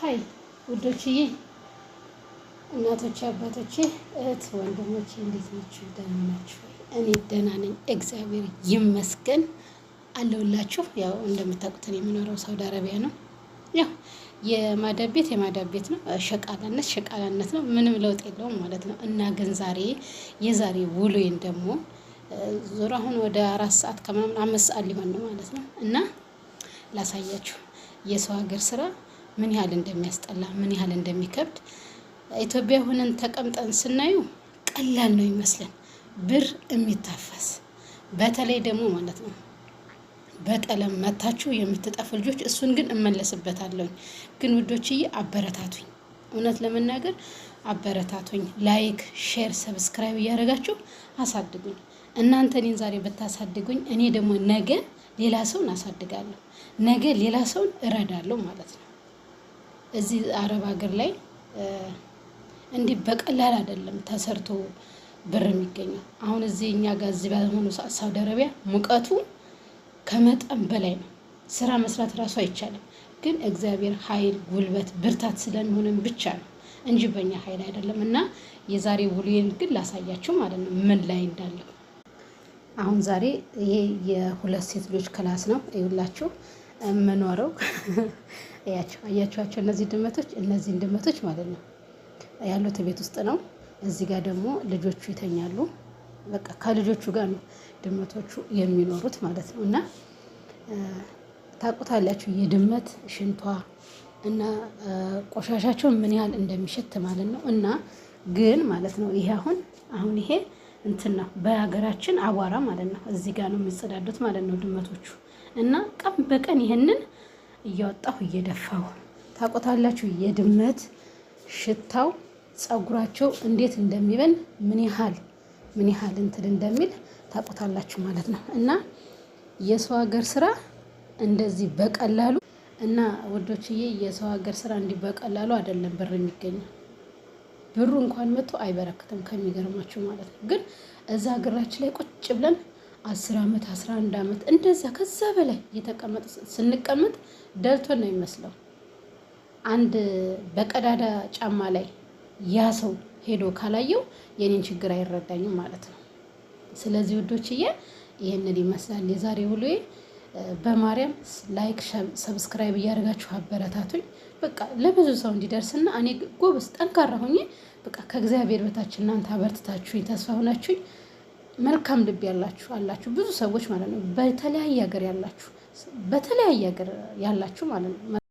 ሀይ ውዶችዬ፣ እናቶች፣ አባቶቼ፣ እህት ወንድሞቼ እንዴት ናችሁ? ደህና ናችሁ እኔ ደህና ነኝ፣ እግዚአብሔር ይመስገን አለሁላችሁ። ያው እንደምታውቁት የምኖረው ሳውዲ አረቢያ ነው። ያው የማዳብ ቤት የማዳብ ቤት ነው። ሸቃላነት ሸቃላነት ነው። ምንም ለውጥ የለውም ማለት ነው። እና ግን ዛሬ የዛሬ ውሎዬን ደግሞ ዞሮ አሁን ወደ አራት ሰዓት ከምናምን አምስት ሰዓት ሊሆን ነው ማለት ነው እና ላሳያችሁ የሰው ሀገር ስራ ምን ያህል እንደሚያስጠላ ምን ያህል እንደሚከብድ ኢትዮጵያ ሆነን ተቀምጠን ስናዩ ቀላል ነው ይመስለን ብር የሚታፈስ በተለይ ደግሞ ማለት ነው በቀለም መታችሁ የምትጠፉ ልጆች፣ እሱን ግን እመለስበታለሁ። ግን ውዶችዬ አበረታቱኝ፣ እውነት ለመናገር አበረታቱኝ። ላይክ፣ ሼር፣ ሰብስክራይብ እያደረጋችሁ አሳድጉኝ። እናንተ እኔን ዛሬ ብታሳድጉኝ፣ እኔ ደግሞ ነገ ሌላ ሰውን አሳድጋለሁ፣ ነገ ሌላ ሰውን እረዳለሁ ማለት ነው። እዚህ አረብ ሀገር ላይ እንዲህ በቀላል አይደለም ተሰርቶ ብር የሚገኘው። አሁን እዚህ እኛ ጋር እዚህ ባልሆኑ ሳውዲ አረቢያ ሙቀቱ ከመጠን በላይ ነው። ስራ መስራት እራሱ አይቻልም። ግን እግዚአብሔር ኃይል፣ ጉልበት፣ ብርታት ስለሚሆንም ብቻ ነው እንጂ በእኛ ኃይል አይደለም። እና የዛሬ ውሉን ግን ላሳያችሁ ማለት ነው ምን ላይ እንዳለው። አሁን ዛሬ ይሄ የሁለት ሴት ልጆች ክላስ ነው ይውላችሁ የምኖረው። እያቸው አያቸዋቸው እነዚህ ድመቶች እነዚህን ድመቶች ማለት ነው ያሉት ቤት ውስጥ ነው። እዚህ ጋር ደግሞ ልጆቹ ይተኛሉ። በቃ ከልጆቹ ጋር ነው ድመቶቹ የሚኖሩት ማለት ነው። እና ታውቁታላችሁ የድመት ሽንቷ እና ቆሻሻቸው ምን ያህል እንደሚሸት ማለት ነው። እና ግን ማለት ነው ይሄ አሁን አሁን ይሄ እንትን ነው በሀገራችን አቧራ ማለት ነው። እዚህ ጋር ነው የሚጸዳዱት ማለት ነው ድመቶቹ እና ቀን በቀን ይህንን እያወጣሁ እየደፋሁ ታቆታላችሁ። የድመት ሽታው ፀጉራቸው እንዴት እንደሚበን ምን ያህል ምን ያህል እንትን እንደሚል ታቆታላችሁ ማለት ነው። እና የሰው ሀገር ስራ እንደዚህ በቀላሉ እና ወዶችዬ የሰው ሀገር ስራ እንዲህ በቀላሉ አይደለም ብር የሚገኘው ብሩ እንኳን መጥቶ አይበረክትም። ከሚገርማችሁ ማለት ነው ግን እዛ ሀገራችን ላይ ቁጭ ብለን አስር ዓመት አስራ አንድ ዓመት እንደዛ ከዛ በላይ እየተቀመጠ ስንቀመጥ ደልቶን ነው የሚመስለው። አንድ በቀዳዳ ጫማ ላይ ያ ሰው ሄዶ ካላየው የኔን ችግር አይረዳኝም ማለት ነው። ስለዚህ ውዶችዬ ይህንን ይመስላል የዛሬ ውሎዬ። በማርያም ላይክ ሰብስክራይብ እያደረጋችሁ አበረታቱኝ። በቃ ለብዙ ሰው እንዲደርስና እኔ ጎበዝ ጠንካራ ሆኜ በቃ ከእግዚአብሔር በታች እናንተ አበርትታችሁኝ ተስፋ ሆናችሁኝ መልካም ልብ ያላችሁ አላችሁ ብዙ ሰዎች ማለት ነው። በተለያየ ሀገር ያላችሁ በተለያየ ሀገር ያላችሁ ማለት ነው።